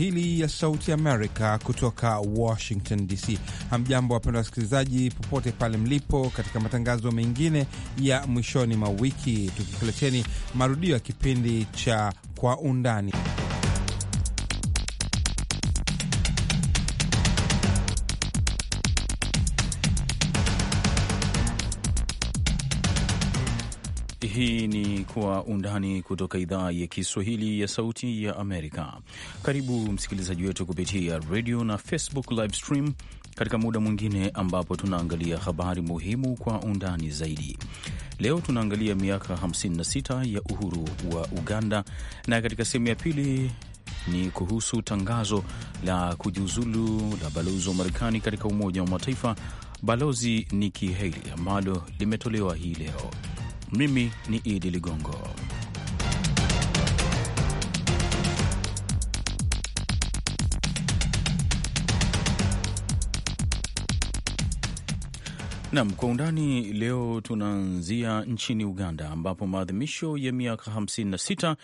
Kiswahili ya Sauti Amerika kutoka Washington DC. Hamjambo wapenda wasikilizaji, popote pale mlipo, katika matangazo mengine ya mwishoni mwa wiki, tukikuleteni marudio ya kipindi cha Kwa Undani. kwa undani kutoka idhaa ya Kiswahili ya Sauti ya Amerika. Karibu msikilizaji wetu kupitia radio na Facebook live stream katika muda mwingine ambapo tunaangalia habari muhimu kwa undani zaidi. Leo tunaangalia miaka 56 ya uhuru wa Uganda, na katika sehemu ya pili ni kuhusu tangazo la kujiuzulu la balozi wa Marekani katika Umoja wa Mataifa, Balozi Nikki Haley, ambalo limetolewa hii leo. Mimi ni Idi Ligongo. Nam kwa undani leo, tunaanzia nchini Uganda ambapo maadhimisho ya miaka 56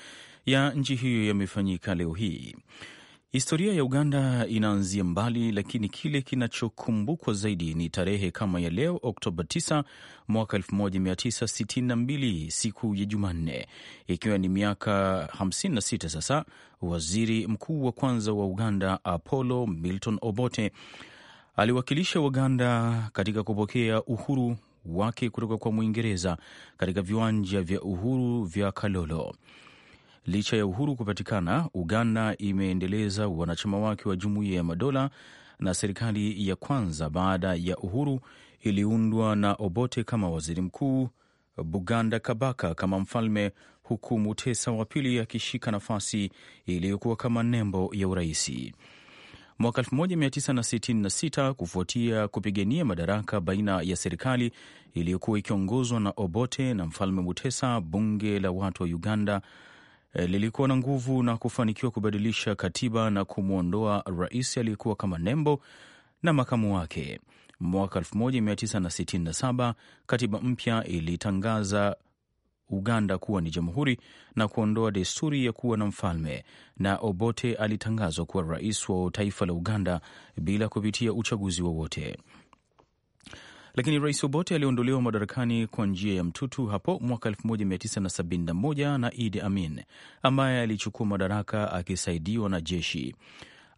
ya nchi hiyo yamefanyika leo hii. Historia ya Uganda inaanzia mbali, lakini kile kinachokumbukwa zaidi ni tarehe kama ya leo, Oktoba 9 mwaka 1962, siku ya Jumanne, ikiwa ni miaka 56 sasa. Waziri mkuu wa kwanza wa Uganda Apollo Milton Obote aliwakilisha Uganda katika kupokea uhuru wake kutoka kwa Mwingereza katika viwanja vya uhuru vya Kalolo. Licha ya uhuru kupatikana, Uganda imeendeleza wanachama wake wa Jumuiya ya Madola, na serikali ya kwanza baada ya uhuru iliundwa na Obote kama waziri mkuu, Buganda Kabaka kama mfalme, huku Mutesa wa pili akishika nafasi iliyokuwa kama nembo ya uraisi mwaka 1966 kufuatia kupigania madaraka baina ya serikali iliyokuwa ikiongozwa na Obote na mfalme Mutesa. Bunge la watu wa Uganda Eh, lilikuwa na nguvu na kufanikiwa kubadilisha katiba na kumwondoa rais aliyekuwa kama nembo na makamu wake. Mwaka 1967 katiba mpya ilitangaza Uganda kuwa ni jamhuri na kuondoa desturi ya kuwa na mfalme, na Obote alitangazwa kuwa rais wa taifa la Uganda bila kupitia uchaguzi wowote. Lakini Rais Obote aliondolewa madarakani kwa njia ya mtutu hapo mwaka 1971 na Idi Amin ambaye alichukua madaraka akisaidiwa na jeshi.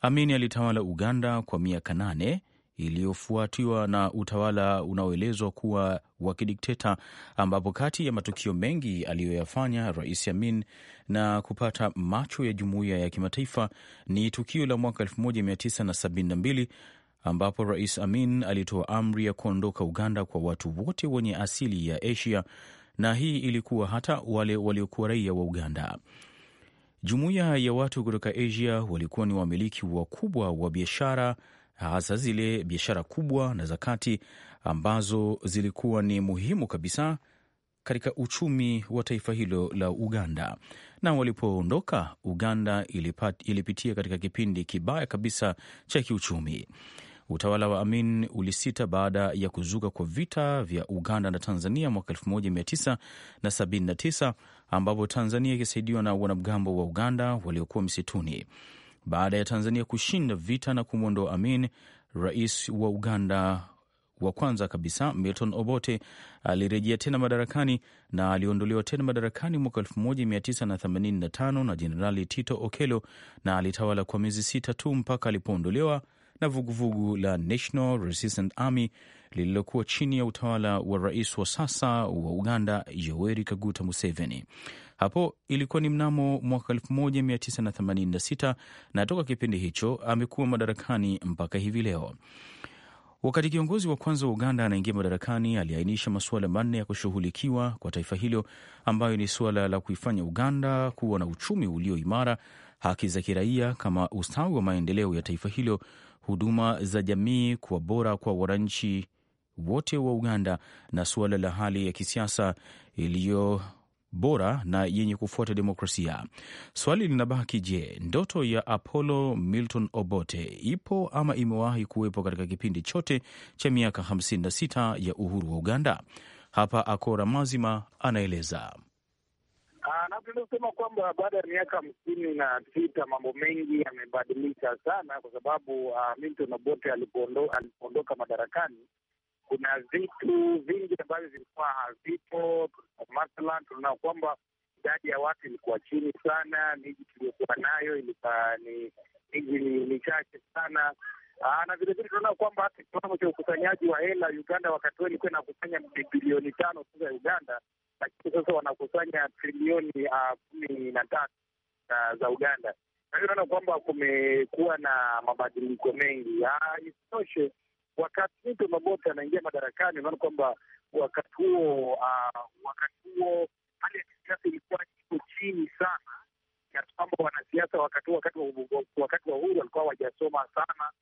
Amin alitawala Uganda kwa miaka nane iliyofuatiwa na utawala unaoelezwa kuwa wa kidikteta ambapo kati ya matukio mengi aliyoyafanya Rais Amin na kupata macho ya jumuiya ya kimataifa ni tukio la mwaka 1972 ambapo Rais Amin alitoa amri ya kuondoka Uganda kwa watu wote wenye asili ya Asia, na hii ilikuwa hata wale waliokuwa raia wa Uganda. Jumuiya ya watu kutoka Asia walikuwa ni wamiliki wakubwa wa biashara, hasa zile biashara kubwa na za kati ambazo zilikuwa ni muhimu kabisa katika uchumi wa taifa hilo la Uganda. Na walipoondoka Uganda ilipat, ilipitia katika kipindi kibaya kabisa cha kiuchumi. Utawala wa Amin ulisita baada ya kuzuka kwa vita vya Uganda na Tanzania mwaka 1979 ambapo Tanzania ikisaidiwa na wanamgambo wa Uganda waliokuwa msituni. Baada ya Tanzania kushinda vita na kumwondoa Amin, rais wa Uganda wa kwanza kabisa Milton Obote alirejea tena madarakani na aliondolewa tena madarakani mwaka 1985 na Jenerali Tito Okello, na alitawala kwa miezi sita tu mpaka alipoondolewa na vuguvugu vugu la National Resistance Army lililokuwa chini ya utawala wa rais wa sasa wa Uganda Yoweri Kaguta Museveni. Hapo ilikuwa ni mnamo mwaka 1986 na toka kipindi hicho amekuwa madarakani mpaka hivi leo. Wakati kiongozi wa kwanza wa Uganda anaingia madarakani, aliainisha masuala manne ya kushughulikiwa kwa taifa hilo, ambayo ni suala la kuifanya Uganda kuwa na uchumi ulio imara, haki za kiraia kama ustawi wa maendeleo ya taifa hilo, huduma za jamii kuwa bora kwa wananchi wote wa Uganda na suala la hali ya kisiasa iliyo bora na yenye kufuata demokrasia. Swali linabaki, je, ndoto ya Apollo Milton Obote ipo ama imewahi kuwepo katika kipindi chote cha miaka 56 ya uhuru wa Uganda? Hapa Akora Mazima anaeleza. Ah, napenda kusema kwamba baada ya miaka hamsini na sita mambo mengi yamebadilika sana, kwa sababu uh, Milton Obote alipoondoka madarakani, kuna vitu vingi ambavyo vilikuwa havipo. Mathalan, tunaona kwamba idadi ya watu ilikuwa chini sana, miji tuliyokuwa nayo ilikuwa ni miji ni chache sana Aa, ah, na vilevile tunaona kwamba hata kiwango cha ukusanyaji wa hela Uganda, wakati huo ilikuwa inakusanya bilioni tano tu za Uganda, lakini sasa wanakusanya trilioni ah, kumi na tatu ah, za Uganda. Na hiyo unaona kwamba kumekuwa na mabadiliko mengi. Isitoshe, wakati mtu Mabote anaingia madarakani, unaona kwamba wakati huo uh, wakati huo hali ya kisiasa ilikuwa iko chini sana, kiasi kwamba wanasiasa wakati wakati wa uhuru walikuwa wajasoma sana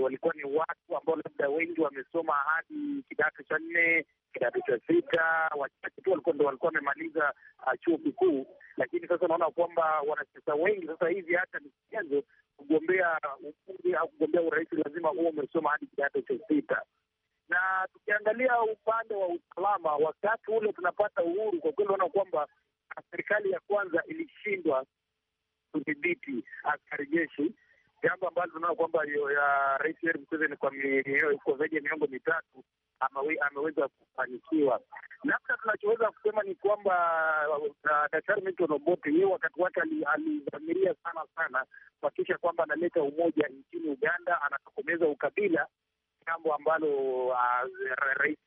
walikuwa ni watu ambao labda wengi wamesoma hadi kidato cha nne, kidato cha sita, wachache tu walikuwa ndo walikuwa wamemaliza uh, chuo kikuu. Lakini sasa unaona kwamba wanasiasa wengi sasa hivi hata ni michezo, kugombea ubunge au kugombea urais lazima huo umesoma hadi kidato cha sita na tukiangalia upande wa usalama, wakati ule tunapata uhuru, kwa kweli unaona kwamba uh, serikali ya kwanza ilishindwa kudhibiti askari jeshi jambo ambalo tunaona kwamba Rais Yoweri Museveni kwa zaidi ya miongo mitatu ameweza kufanikiwa. Labda tunachoweza kusema ni kwamba uh, uh, Daktari Milton Obote yeye wakati wake alidhamiria sana sana kuhakikisha kwamba analeta umoja nchini Uganda, anatokomeza ukabila, jambo ambalo uh, Rais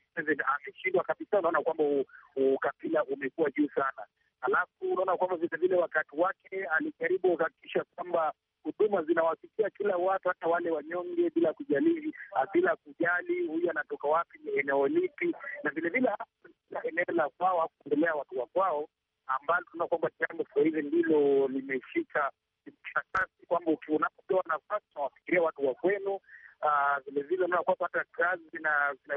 ameshindwa kabisa. Unaona kwamba ukabila umekuwa juu sana, alafu unaona kwamba vilevile wakati wake alijaribu kuhakikisha kwamba huduma zinawafikia kila watu, hata wale wanyonge, bila kujali ah, bila kujali huyu anatoka wapi, ni eneo lipi, na vilevile eneo la kwao au kuendelea watu wa kwao, ambalo tunaona kwamba jambo saa hivi ndilo limeshika kasi, kwamba unapopewa nafasi unawafikiria watu wa kwenu. Vilevile ah, unaona kwamba hata kazi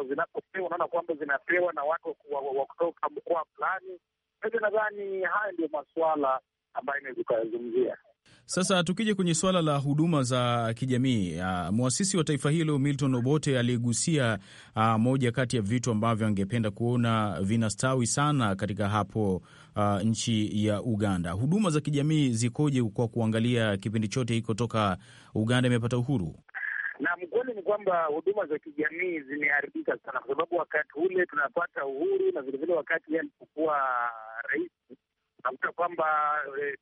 zinapopewa unaona kwamba zinapewa na watu wa kutoka mkoa fulani. Nadhani haya ndio masuala ambayo inaweza ukayazungumzia. Sasa tukija kwenye suala la huduma za kijamii, uh, mwasisi wa taifa hilo Milton Obote aliyegusia uh, moja kati ya vitu ambavyo angependa kuona vinastawi sana katika hapo uh, nchi ya Uganda. Huduma za kijamii zikoje kwa kuangalia kipindi chote hiko toka Uganda imepata uhuru? Na mkweli ni kwamba huduma za kijamii zimeharibika sana, kwa sababu wakati ule tunapata uhuru na vilevile wakati alipokuwa rais nakuta kwamba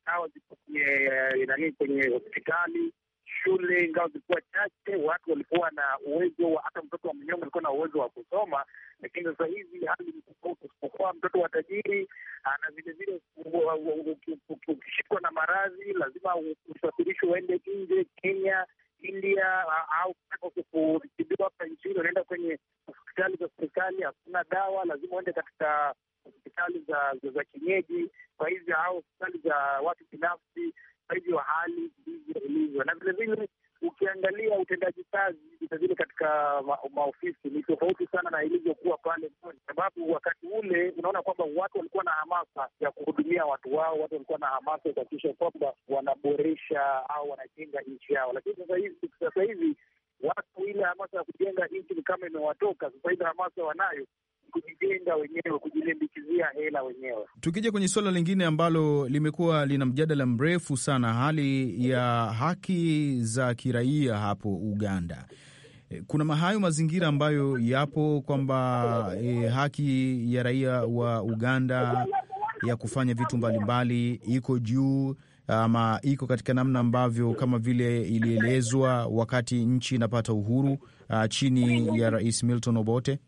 dawa eh, zipo kwenye eh, nani, kwenye hospitali, shule, ingawa zilikuwa chache, watu walikuwa na uwezo wa, hata mtoto wa mnyonge alikuwa na uwezo wa kusoma, lakini sasa hivi hali ni tofauti. Usipokuwa mtoto wa tajiri, ah, na vilevile ukishikwa na maradhi lazima usafirishwe uende nje, Kenya India au kutibiwa hapa nchini, unaenda kwenye hospitali za serikali, hakuna dawa, lazima uende katika hospitali za, za, za kienyeji kwa hivyo, au hospitali za watu binafsi. Kwa hivyo hali ndivyo ilivyo, na vilevile ukiangalia utendaji kazi vilevile katika ma maofisi ni tofauti sana na ilivyokuwa pale Boni, sababu wakati ule unaona kwamba watu walikuwa na hamasa ya kuhudumia watu wao, watu walikuwa na hamasa ya kuhakikisha kwamba wanaboresha au wanajenga nchi yao, lakini sasa hivi sasa hivi watu ile hamasa ya kujenga nchi ni kama imewatoka. Sasa hamasa wanayo kujijenga wenyewe, kujilimbikizia hela wenyewe. Tukija kwenye suala lingine ambalo limekuwa lina mjadala mrefu sana, hali ya haki za kiraia hapo Uganda. Eh, kuna mahayo mazingira ambayo yapo kwamba e, haki ya raia wa Uganda ya kufanya vitu mbalimbali iko juu ama iko katika namna ambavyo kama vile ilielezwa wakati nchi inapata uhuru, a, ah, chini ya Rais Milton Obote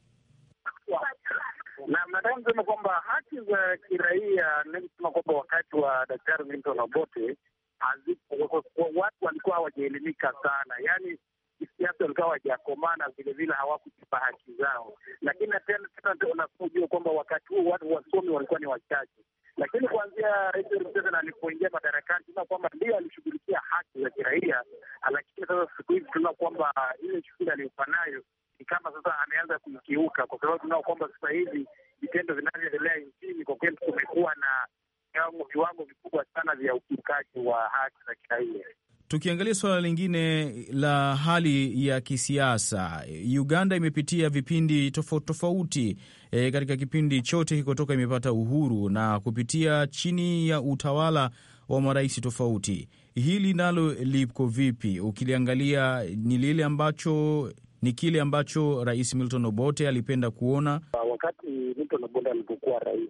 nataka nisema kwamba haki za kiraia, nakusema kwamba wakati wa Daktari Milton Obote watu walikuwa hawajaelimika sana, yaani kisiasa walikuwa hawajakomana vilevile hawakujipa haki zao. Lakini unajua kwamba wakati huo watu wasomi walikuwa ni wachache, lakini kuanzia Rais Museveni alipoingia madarakani, tuna kwamba ndio alishughulikia haki za kiraia, lakini sasa siku hizi tuna kwamba ile shughuli aliyofanayo ni kama sasa ameanza kuikiuka, kwa sababu tunao kwamba sasa hivi vitendo vinavyoendelea nchini, kwa kweli kumekuwa na viwango vikubwa sana vya ukiukaji wa haki za kiraia. Tukiangalia suala lingine la hali ya kisiasa, Uganda imepitia vipindi tofauti tofauti. E, katika kipindi chote kikotoka imepata uhuru na kupitia chini ya utawala wa marais tofauti. Hili nalo liko vipi? Ukiliangalia ni lile ambacho ni kile ambacho Rais Milton Obote alipenda kuona ah, wakati Milton Obote alipokuwa rais.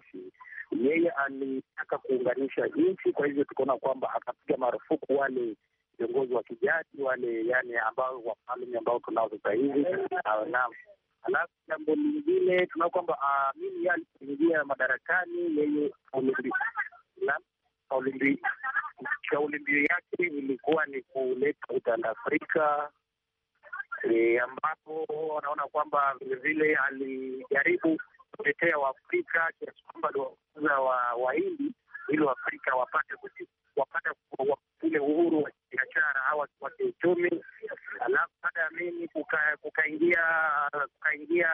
Yeye alitaka kuunganisha nchi, kwa hivyo tukaona kwamba akapiga marufuku wale viongozi wa kijadi wale, yani ambao wafalme ambao tunao sasa hivi. Ah, alafu jambo lingine tuna kwamba ah, mimi yeye alipoingia madarakani, yeye kauli mbiu yake ilikuwa ni kuleta utanda Afrika e, ambapo wanaona kwamba vilevile alijaribu kutetea Waafrika kiasi kwamba aliwafukuza Wahindi ili Waafrika wapate wapate ule uhuru wa kibiashara au wa kiuchumi. Alafu baada ya mimi kukaingia kukaingia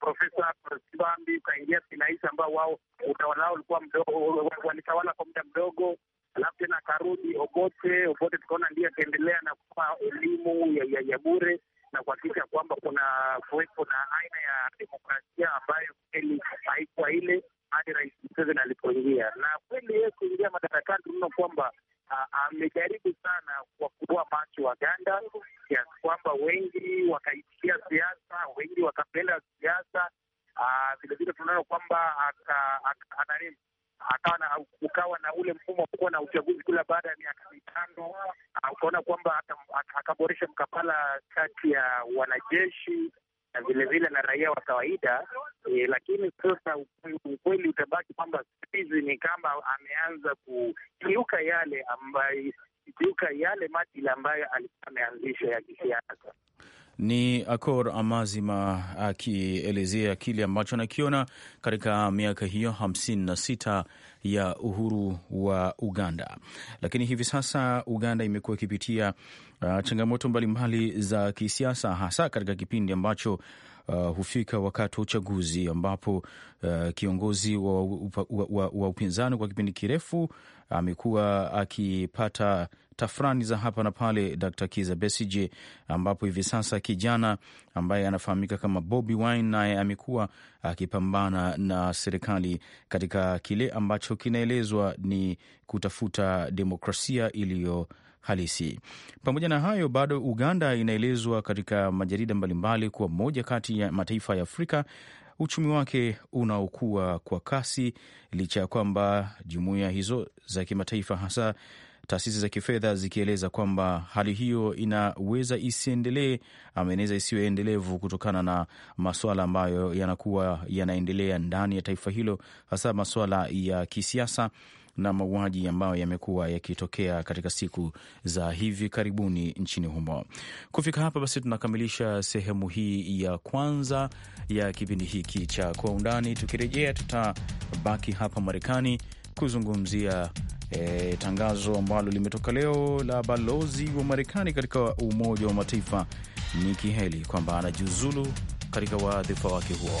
Profesa Bambi, ukaingia Sinais ambao wao utawala wao ulikuwa mdogo, walitawala kwa muda mdogo alafu tena akarudi Obote. Obote tukaona ndiye akaendelea na kupa elimu ya, ya, ya bure na kuhakikisha kwamba kuna kuwepo na aina ya demokrasia ambayo kweli haikuwa ile hadi Rais Museveni alipoingia. Na kweli yeye kuingia madarakani, tunaona kwamba amejaribu sana kwa kutoa macho Waganda kiasi kwamba wengi wakaitikia siasa, wengi wakapenda siasa. Vilevile tunaona kwamba akawa na kukawa na ule mfumo wa kuwa na uchaguzi kila baada ya miaka mitano, ah, ukaona kwamba akaboresha mkapala kati ya wanajeshi na vilevile na raia wa kawaida e, lakini sasa ukweli utabaki kwamba siku hizi ni kama ameanza kukiuka yale ambayo kiuka yale madili ambayo alikuwa ameanzisha ya kisiasa. Ni Akor Amazima akielezea kile ambacho anakiona katika miaka hiyo hamsini na sita ya uhuru wa Uganda. Lakini hivi sasa Uganda imekuwa ikipitia uh, changamoto mbalimbali za kisiasa, hasa katika kipindi ambacho uh, hufika wakati wa uchaguzi ambapo uh, kiongozi wa, wa, wa, wa upinzani kwa kipindi kirefu amekuwa akipata tafrani za hapa na pale Dr. Kiza Besige, ambapo hivi sasa kijana ambaye anafahamika kama Bobi Wine naye amekuwa akipambana na serikali katika kile ambacho kinaelezwa ni kutafuta demokrasia iliyo halisi. Pamoja na hayo, bado Uganda inaelezwa katika majarida mbalimbali kuwa moja kati ya mataifa ya Afrika uchumi wake unaokua kwa kasi licha ya kwamba jumuiya hizo za kimataifa hasa taasisi za kifedha zikieleza kwamba hali hiyo inaweza isiendelee ama inaweza isiwe endelevu kutokana na maswala ambayo yanakuwa yanaendelea ndani ya taifa hilo, hasa maswala ya kisiasa na mauaji ambayo yamekuwa yakitokea katika siku za hivi karibuni nchini humo. Kufika hapa basi, tunakamilisha sehemu hii ya kwanza ya kipindi hiki cha Kwa Undani. Tukirejea tutabaki hapa Marekani kuzungumzia e, tangazo ambalo limetoka leo la balozi wa Marekani katika Umoja wa Mataifa Nikki Haley kwamba anajiuzulu katika wadhifa wake huo.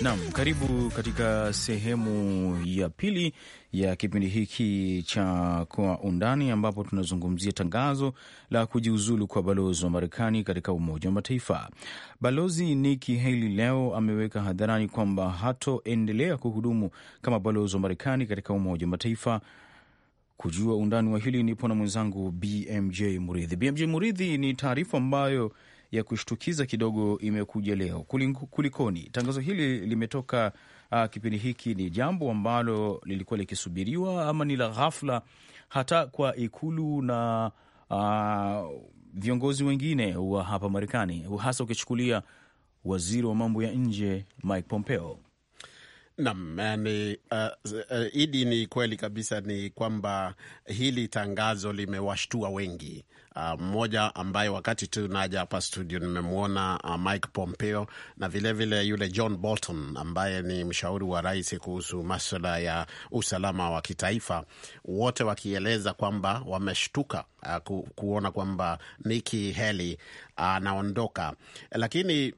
Naam, karibu katika sehemu ya pili ya kipindi hiki cha Kwa Undani, ambapo tunazungumzia tangazo la kujiuzulu kwa balozi wa Marekani katika Umoja wa Mataifa. Balozi Nikki Haley leo ameweka hadharani kwamba hatoendelea kuhudumu kama balozi wa Marekani katika Umoja wa Mataifa. Kujua undani wa hili nipo na mwenzangu BMJ Muridhi. BMJ Muridhi, ni taarifa ambayo ya kushtukiza kidogo imekuja leo. Kulikoni? Tangazo hili limetoka uh, kipindi hiki, ni jambo ambalo lilikuwa likisubiriwa ama ni la ghafla hata kwa Ikulu na uh, viongozi wengine wa hapa Marekani, hasa ukichukulia waziri wa mambo ya nje Mike Pompeo? Naam, ni uh, uh, Idi, ni kweli kabisa, ni kwamba hili tangazo limewashtua wengi. Ah, mmoja uh, ambaye wakati tu naja hapa studio nimemwona uh, Mike Pompeo na vilevile vile yule John Bolton ambaye ni mshauri wa rais kuhusu maswala ya usalama wa kitaifa, wote wakieleza kwamba wameshtuka uh, ku, kuona kwamba Nikki Haley anaondoka uh, lakini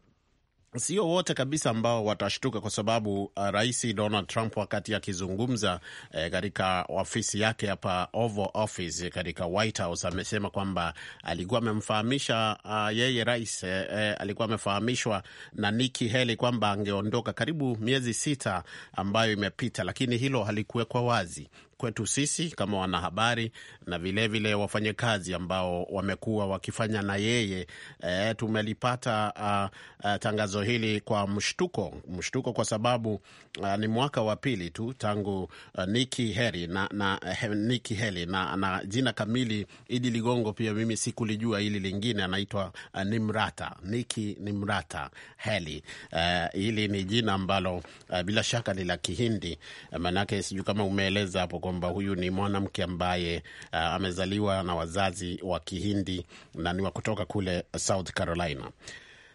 Sio wote kabisa ambao watashtuka kwa sababu uh, Rais Donald Trump wakati akizungumza eh, katika ofisi yake hapa Oval Office katika White House amesema kwamba alikuwa amemfahamisha uh, yeye rais eh, eh alikuwa amefahamishwa na Nikki Haley kwamba angeondoka karibu miezi sita ambayo imepita, lakini hilo halikuwekwa wazi kwetu sisi kama wanahabari na vilevile wafanyakazi ambao wamekuwa wakifanya na yeye. E, tumelipata uh, uh, tangazo hili kwa mshtuko, mshtuko kwa sababu uh, ni mwaka wa pili tu tangu uh, Nikki Haley na, na, uh, Nikki Haley na, na jina kamili Idi Ligongo, pia mimi sikulijua hili lingine, anaitwa uh, Nimrata Nikki Nimrata Haley. Uh, hili ni jina ambalo uh, bila shaka ni la Kihindi, e, maanake sijui kama umeeleza hapo kwamba huyu ni mwanamke ambaye uh, amezaliwa na wazazi wa Kihindi na ni wa kutoka kule South Carolina.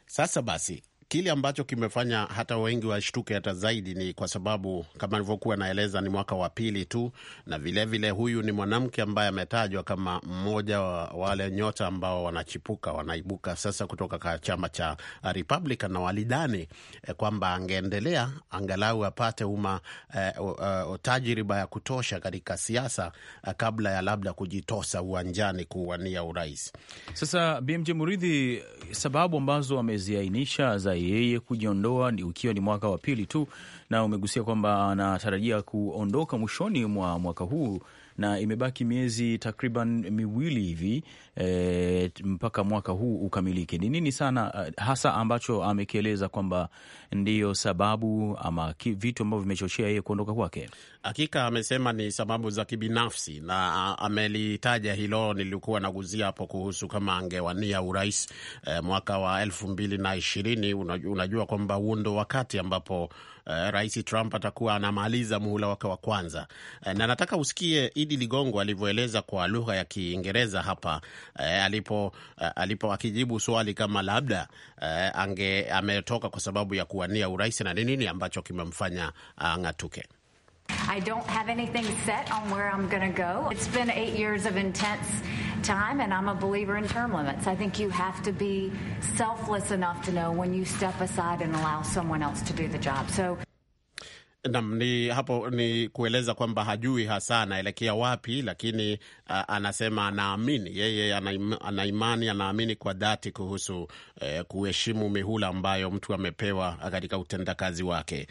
Sasa basi kile ambacho kimefanya hata wengi washtuke hata zaidi ni kwa sababu kama alivyokuwa naeleza, ni mwaka wa pili tu, na vilevile vile huyu ni mwanamke ambaye ametajwa kama mmoja wa wale nyota ambao wanachipuka wanaibuka sasa kutoka kwa chama cha Republican, na walidani eh, kwamba angeendelea angalau apate uma eh, uh, eh, tajriba ya kutosha katika siasa eh, kabla ya labda kujitosa uwanjani kuwania urais. Sasa BMJ Muridhi, sababu ambazo ameziainisha za yeye kujiondoa ukiwa ni mwaka wa pili tu, na umegusia kwamba anatarajia kuondoka mwishoni mwa mwaka huu na imebaki miezi takriban miwili hivi e, mpaka mwaka huu ukamilike. Ni nini sana eh, hasa ambacho amekieleza kwamba ndiyo sababu ama vitu ambavyo vimechochea yeye kuondoka kwake? hakika amesema ni sababu za kibinafsi, na amelitaja hilo. Nilikuwa naguzia hapo kuhusu kama angewania urais e, mwaka wa elfu mbili na ishirini. Unajua, kwamba huo ndo wakati ambapo e, Rais Trump atakuwa anamaliza muhula wake wa kwanza e, na nataka usikie Idi Ligongo alivyoeleza kwa lugha ya Kiingereza hapa e, alipo, eh, alipo akijibu swali kama labda e, ange ametoka kwa sababu ya kuwania urais na ni nini ambacho kimemfanya ang'atuke. I don't have anything set on where I'm going to go. It's been eight years of intense time, and I'm a believer in term limits. I think you have to be selfless enough to know when you step aside and allow someone else to do the job. So Nam ni hapo ni kueleza kwamba hajui hasa anaelekea wapi, lakini uh, anasema anaamini yeye, anaimani anaamini kwa dhati kuhusu uh, kuheshimu mihula ambayo mtu amepewa katika utendakazi wake.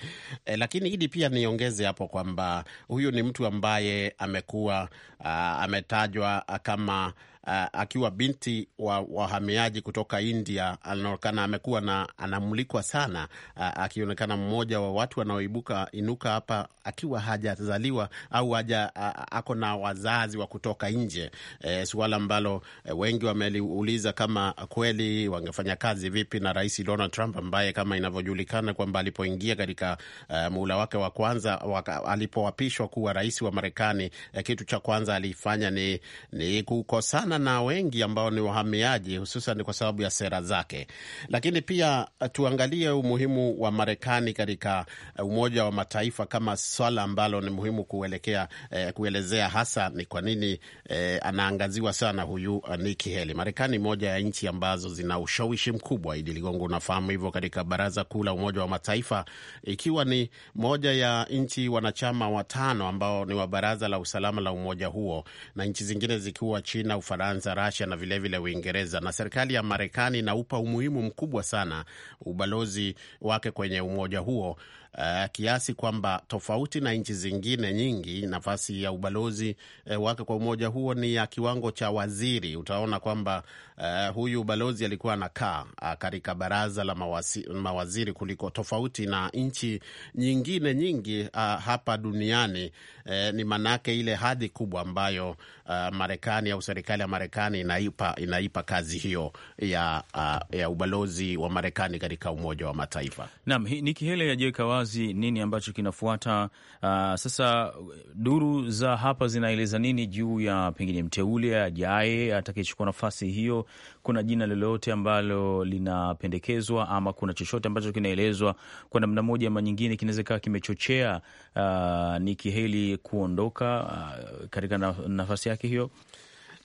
Uh, lakini hili pia niongeze hapo kwamba huyu ni mtu ambaye amekuwa uh, ametajwa kama uh, akiwa binti wa wahamiaji kutoka India, anaonekana amekuwa na anamulikwa sana, uh, akionekana mmoja wa watu wanaoibuka inuka hapa akiwa hajazaliwa au haja uh, ako na wazazi wa kutoka nje uh, suala ambalo uh, wengi wameliuliza kama kweli wangefanya kazi vipi na Rais Donald Trump ambaye kama inavyojulikana kwamba alipoingia katika uh, muhula wake wa kwanza alipoapishwa kuwa rais wa Marekani, uh, kitu cha kwanza alifanya ni, ni kukosana sana na wengi ambao ni wahamiaji, hususan kwa sababu ya sera zake. Lakini pia uh, tuangalie umuhimu wa Marekani katika uh, Umoja wa Mataifa kama swala ambalo ni muhimu kuelekea, eh, kuelezea hasa ni kwa nini eh, anaangaziwa sana huyu Nikki Haley. Marekani moja ya nchi ambazo zina ushawishi mkubwa, Idi Ligongo, unafahamu hivyo, katika Baraza Kuu la Umoja wa Mataifa, ikiwa ni moja ya nchi wanachama watano ambao ni wa Baraza la Usalama la umoja huo na nchi zingine zikiwa China, Ufaransa Ufaransa, Russia na vilevile Uingereza na serikali ya Marekani inaupa umuhimu mkubwa sana ubalozi wake kwenye umoja huo uh, kiasi kwamba tofauti na nchi zingine nyingi, nafasi ya ubalozi uh, wake kwa umoja huo ni ya kiwango cha waziri. Utaona kwamba uh, huyu balozi alikuwa anakaa uh, katika baraza la mawasi, mawaziri kuliko tofauti na nchi nyingine nyingi uh, hapa duniani uh, ni manake ile hadhi kubwa ambayo uh, Marekani au serikali ya Marekani inaipa, inaipa kazi hiyo ya, uh, ya ubalozi wa Marekani katika Umoja wa Mataifa. Naam, ni kihele ya jeka wazi wazi nini ambacho kinafuata. Uh, sasa duru za hapa zinaeleza nini juu ya pengine mteule ajaye atakayechukua nafasi hiyo? Kuna jina lolote ambalo linapendekezwa ama kuna chochote ambacho kinaelezwa kwa namna moja ama nyingine kinaweza kawa kimechochea ah, Nikki Haley kuondoka ah, katika nafasi yake hiyo?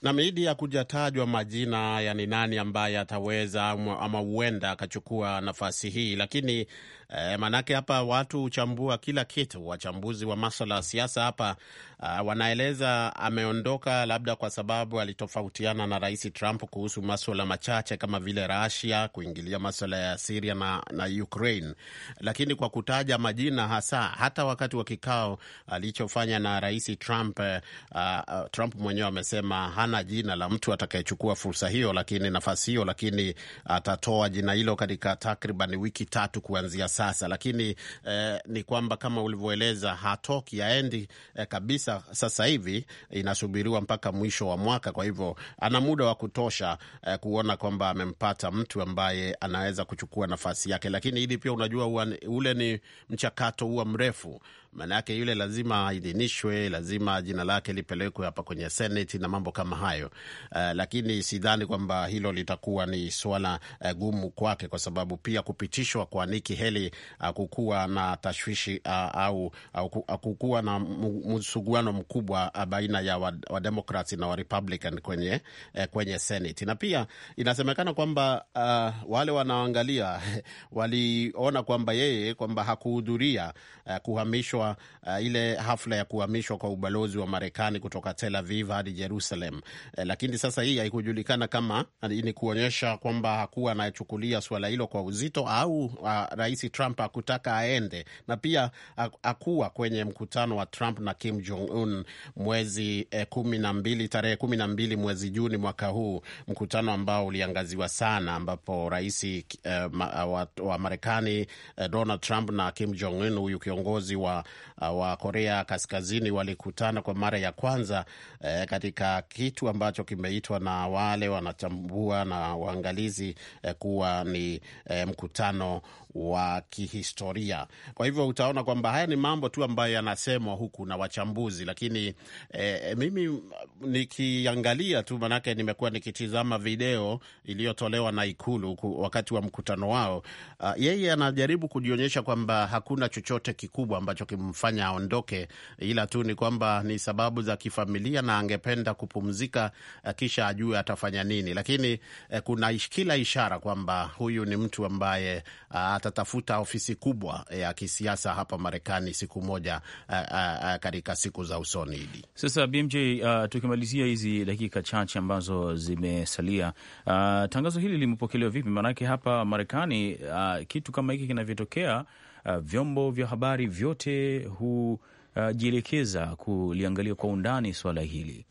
na miidi ya kujatajwa majina, yani nani ambaye ataweza ama huenda akachukua nafasi hii, lakini E, manake hapa watu huchambua kila kitu. Wachambuzi wa maswala ya siasa hapa uh, wanaeleza ameondoka labda kwa sababu alitofautiana na Rais Trump kuhusu maswala machache kama vile Russia kuingilia maswala ya Syria na, na Ukraine, lakini kwa kutaja majina hasa, hata wakati wa kikao alichofanya na Rais Trump uh, uh, Trump mwenyewe amesema hana jina la mtu atakayechukua fursa hiyo, lakini nafasi hiyo, lakini atatoa jina hilo katika takriban wiki tatu kuanzia sasa, lakini eh, ni kwamba kama ulivyoeleza hatoki aendi eh, kabisa sasa hivi, inasubiriwa mpaka mwisho wa mwaka. Kwa hivyo ana muda wa kutosha eh, kuona kwamba amempata mtu ambaye anaweza kuchukua nafasi yake, lakini hili pia unajua ule ni mchakato huwa mrefu maanake yule lazima aidhinishwe, lazima jina lake lipelekwe hapa kwenye seneti na mambo kama hayo. Uh, lakini sidhani kwamba hilo litakuwa ni swala uh, eh, gumu kwake, kwa sababu pia kupitishwa kwa Nikki Haley hakukuwa uh, na tashwishi uh, au hakukuwa uh, na msuguano mkubwa uh, baina ya wademokrats wa na warepublican kwenye, uh, kwenye Senate, na pia inasemekana kwamba uh, wale wanaoangalia waliona kwamba yeye kwamba hakuhudhuria uh, kuhamishwa kuhamishwa uh, ile hafla ya kuhamishwa kwa ubalozi wa Marekani kutoka Tel Aviv hadi Jerusalem. Uh, lakini sasa hii haikujulikana kama ni kuonyesha kwamba hakuwa anachukulia suala hilo kwa uzito au uh, Rais Trump hakutaka aende, na pia hakuwa kwenye mkutano wa Trump na Kim Jong Un mwezi eh, kumi na mbili tarehe kumi na mbili mwezi Juni mwaka huu, mkutano ambao uliangaziwa sana, ambapo rais eh, wa, wa Marekani eh, Donald Trump na Kim Jong Un, huyu kiongozi wa Uh, wa Korea Kaskazini walikutana kwa mara ya kwanza eh, katika kitu ambacho kimeitwa na wale wanachambua na waangalizi eh, kuwa ni eh, mkutano wa kihistoria. Kwa hivyo utaona kwamba haya ni mambo tu ambayo yanasemwa huku na wachambuzi, lakini eh, mimi nikiangalia tu, manake nimekuwa nikitizama video iliyotolewa na Ikulu wakati wa mkutano wao. Uh, yeye anajaribu kujionyesha kwamba hakuna chochote kikubwa ambacho kimfanya aondoke, ila tu ni kwamba ni sababu za kifamilia na angependa kupumzika, uh, kisha ajue atafanya nini, lakini eh, kuna kila ishara kwamba huyu ni mtu ambaye uh, atatafuta ofisi kubwa ya kisiasa hapa Marekani siku moja katika siku za usoni. hidi sasa BMJ, uh, tukimalizia hizi dakika chache ambazo zimesalia, uh, tangazo hili limepokelewa vipi? Maanake hapa Marekani uh, kitu kama hiki kinavyotokea, uh, vyombo vya habari vyote hujielekeza uh, kuliangalia kwa undani swala hili.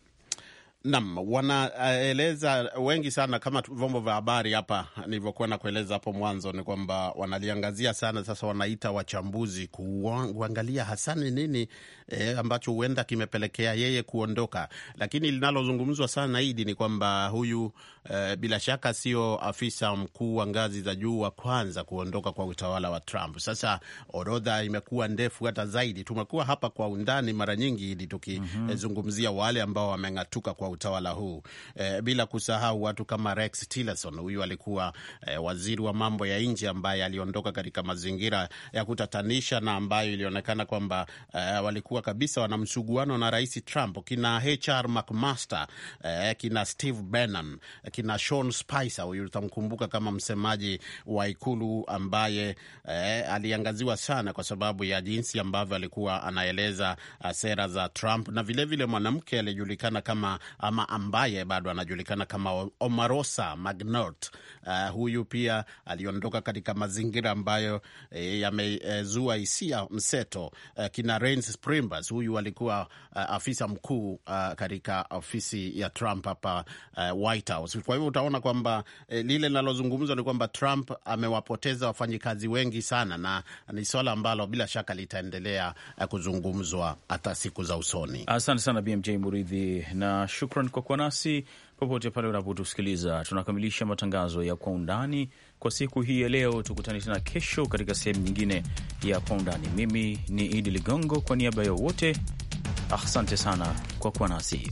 Nam wanaeleza wengi sana kama vyombo vya habari hapa nilivyokuwa na kueleza hapo mwanzo, ni kwamba wanaliangazia sana sasa, wanaita wachambuzi kuangalia hasa ni nini eh, ambacho huenda kimepelekea yeye kuondoka, lakini linalozungumzwa sana idi ni kwamba huyu Eh, bila shaka sio afisa mkuu wa ngazi za juu wa kwanza kuondoka kwa utawala wa Trump. Sasa orodha imekuwa ndefu hata zaidi. Tumekuwa hapa kwa undani mara nyingi ili tukizungumzia mm -hmm. wale ambao wameng'atuka kwa utawala huu eh, bila kusahau watu kama Rex Tillerson. Huyu alikuwa eh, waziri wa mambo ya nje ambaye aliondoka katika mazingira ya kutatanisha na ambayo ilionekana kwamba eh, walikuwa kabisa wana msuguano na Rais Trump, kina HR McMaster eh, kina Steve Bannon eh, kina Sean Spicer, huyu utamkumbuka kama msemaji wa ikulu ambaye eh, aliangaziwa sana kwa sababu ya jinsi ambavyo alikuwa anaeleza eh, sera za Trump, na vilevile vile mwanamke aliyejulikana kama ama ambaye bado anajulikana kama Omarosa Magnot. Uh, eh, huyu pia aliondoka katika mazingira ambayo eh, yamezua eh, hisia mseto. Uh, kina Reince Priebus, huyu alikuwa uh, afisa mkuu uh, katika ofisi ya Trump hapa uh, White House. Kwa hivyo utaona kwamba eh, lile linalozungumzwa ni kwamba Trump amewapoteza wafanyikazi wengi sana, na ni swala ambalo bila shaka litaendelea eh, kuzungumzwa hata siku za usoni. Asante sana BMJ Muridhi, na shukran kwa kuwa nasi popote pale unapotusikiliza. Tunakamilisha matangazo ya Kwa Undani kwa siku hii ya leo. Tukutane tena kesho katika sehemu nyingine ya Kwa Undani. Mimi ni Idi Ligongo, kwa niaba ya wote, asante sana kwa kuwa nasi.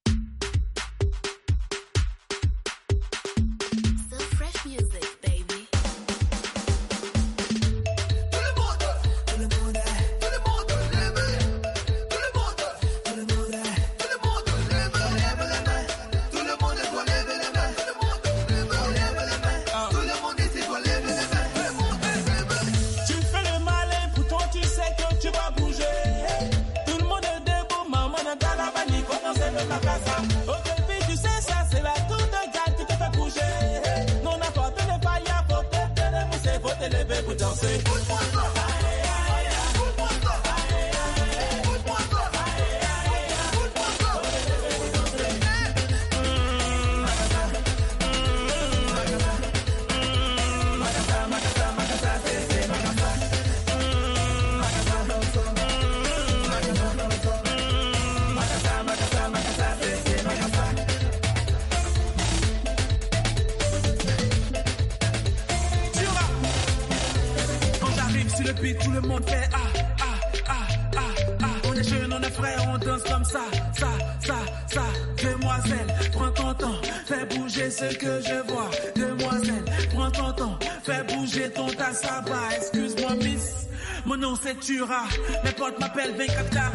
puis tout le monde fait ah, ah, ah, ah, ah. On est jeunes, on est frères, on danse comme ça, ça, ça, ça. Demoiselle, prends ton temps, fais bouger ce que je vois. Demoiselle, prends ton temps, fais bouger ton tassaba. Excuse-moi, miss, mon nom c'est Tura. Mes potes m'appellent 24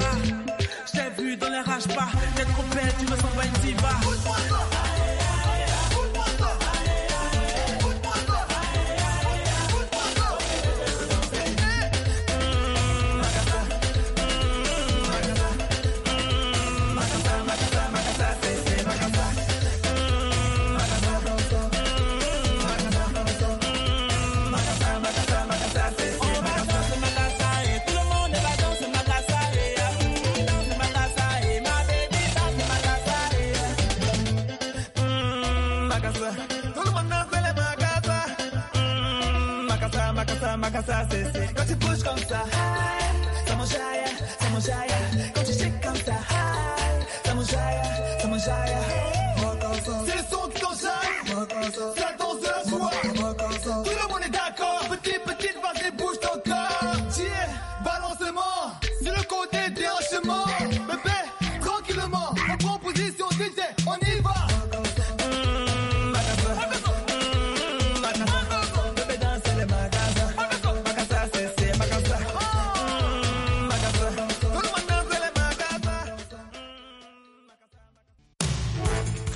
Je t'ai vu dans les rages pas, t'es trop belle, tu me sens pas une diva. I said.